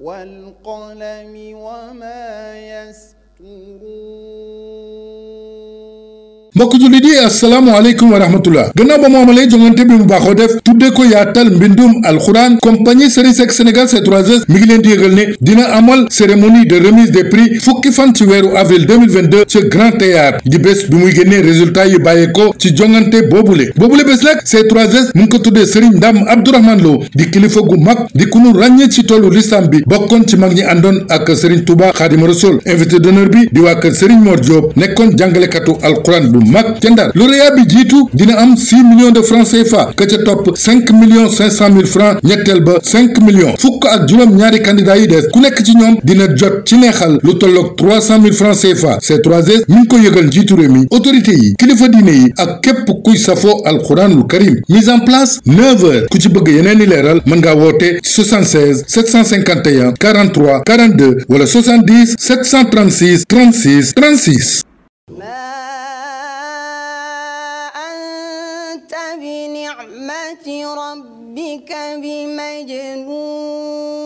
والقلم وما يسطرون mbokk jullit yi asalaamaaleykum wa rahmatullah gannaaw ba mu amalee jongante bi mu baaxoo def tuddee ko yaatal mbindum alxuraan compagnie Serigne Seck Sénégal C3S mi ngi leen di yëgal ne dina amal cérémonie de remise des prix fukki fan ci weeru avril 2022 ci Grand Théâtre di bés bi muy génnee résultat yi bàyyeekoo ci jongante boobu boobule bés nag C3S mu ngi ko tuddee Serigne Ndam Abdourahmane Lo di kilifa gu mag di ku nu ràññee ci tollu lislam bi bokkoon ci mag ñi àndoon ak Serigne Touba Khadim Rassoul invité d'honneur bi di waa kër Serigne Mor nekkoon jàngalekatu alxuraan bu mag ca ndar lauréat bi jiitu dina am six millions de francs CFA ka ca topp cinq millions cinq cent mille francs ñetteel ba cinq millions fukk ak juróom ñaari candidats yi des ku nekk ci ñoom dina jot ci neexal lu tolloog trois mille francs CFA c 3 ngi ko yëgal njiitu réew mi autorité yi kilifa diine yi ak képp kuy safoo alquranul karim mise en place neuf ku ci bëgg yeneen i leeral mën ngaa woote 76 751 43 42 wala 70 736 36 36. بنعمة ربك بمجنون